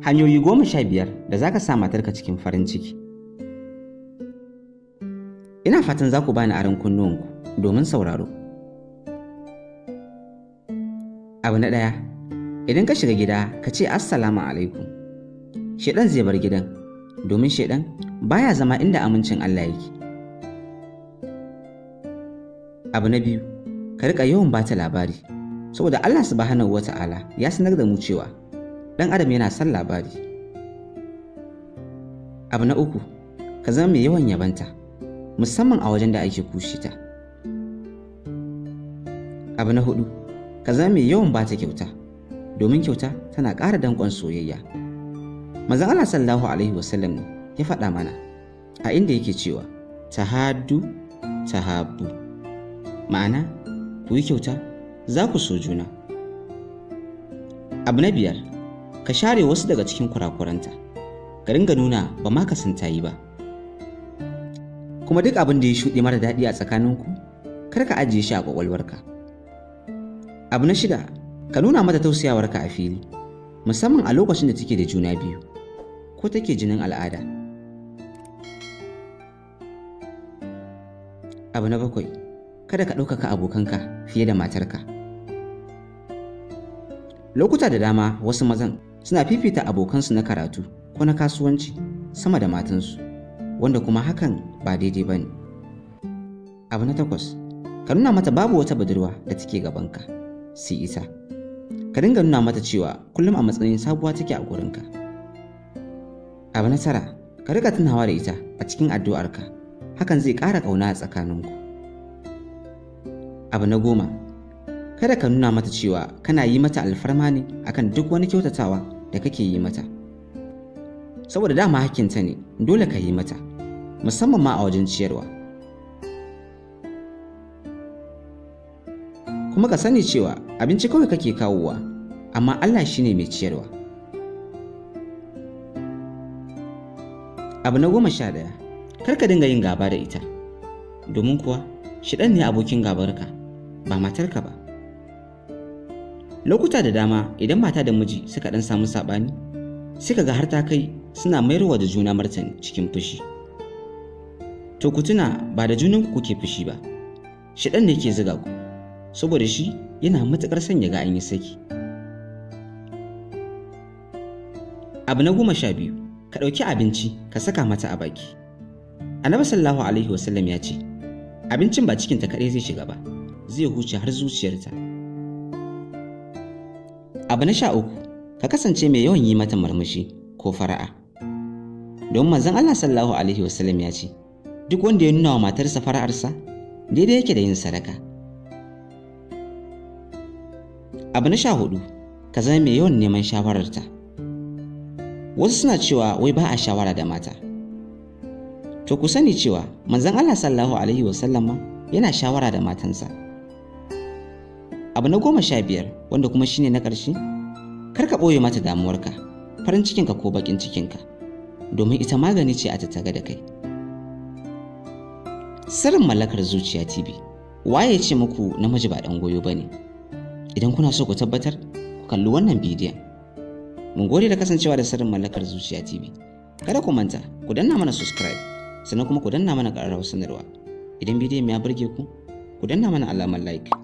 Hanyoyi goma sha biyar da za ka sa matarka cikin farin ciki. Ina fatan za ku bani aron kunnuwanku domin sauraro. Abu na ɗaya, idan ka shiga gida ka ce Assalamu alaikum. Shedan zai bar gidan, domin shedan baya zama inda amincin Allah yake. Abu na biyu, ka riƙa yawan bata labari, saboda Allah subhanahu wa ta'ala ya sanar da mu cewa Dan adam yana son labari abu na uku ka zama mai yawan yabanta musamman a wajen da ake kushe ta abu na hudu ka zama mai yawan bata kyauta domin kyauta tana ƙara danƙon soyayya mazan Allah sallallahu alaihi wasallam ne ya faɗa mana a inda yake cewa "Ta ta habu ma'ana ku yi kyauta za ku so juna abu na biyar ka share wasu daga cikin kurakuranta ka ringa nuna ba ma ka yi ba kuma duk abin da ya shuɗe mara daɗi a tsakaninku kar ka ajiye shi a ƙwaƙwalwarka abu na shida ka nuna mata tausayawarka a fili musamman a lokacin da take da juna biyu ko take jinin al'ada abu na bakwai kada ka ɗaukaka abokanka fiye da matarka lokuta da dama wasu mazan suna fifita abokansu na karatu ko na kasuwanci sama da matansu wanda kuma hakan ba daidai ba ne abu na takwas ka nuna mata babu wata budurwa da take gabanka sai ita ka dinga nuna mata cewa kullum a matsayin sabuwa take a gurinka abu na tara ka rika tunawa da ita a cikin addu'arka hakan zai ƙara ƙauna a tsakaninku abu na goma kada ka nuna mata cewa kana yi mata alfarma ne akan duk wani kyautatawa da kake yi mata saboda dama hakinta ne dole ka yi mata musamman ma a wajen ciyarwa kuma ka sani cewa abinci kawai kake kawowa amma Allah shine mai ciyarwa abu na goma sha ɗaya kar ka dinga yin gaba da ita domin kuwa shiɗan ne abokin gabarka ba matarka ba lokuta da dama idan mata da miji suka dan samu saɓani sai ga har ta kai suna mayarwa da juna martani cikin fushi to ku tuna ba da junan ku kuke fushi ba shiɗan ne ke zuga ku saboda shi yana matuƙar sanya ga an yi saki abu na goma sha biyu ka ɗauki abinci ka saka mata a baki annabi sallallahu alaihi wasallam ya ce abincin ba cikinta kaɗai zai shiga ba zai huce har zuciyarta abu na sha uku ka kasance mai yawan yi mata murmushi ko fara'a don manzon Allah sallallahu alaihi wasallam ya ce duk wanda ya nuna wa matarsa fara'arsa daidai yake da yin sadaka abu na sha hudu ka zama mai yawan neman shawararta wasu suna cewa wai ba a shawara da mata to ku sani cewa manzon Allah sallallahu alaihi wasallam yana shawara da matansa abu na goma sha biyar wanda kuma shine na ƙarshe kar ka ɓoye mata damuwarka farin cikinka ko baƙin cikinka domin ita magani ce a tattaga da kai sirrin mallakar zuciya tv waye ce muku namiji ba ɗan goyo ba ne idan kuna so ku tabbatar ku kalli wannan bidiyon mun gode da kasancewa da sirrin mallakar zuciya tv kada ku manta ku danna mana subscribe sannan kuma ku danna mana ƙararrawar sanarwa idan bidiyon ya burge ku ku danna mana alamar like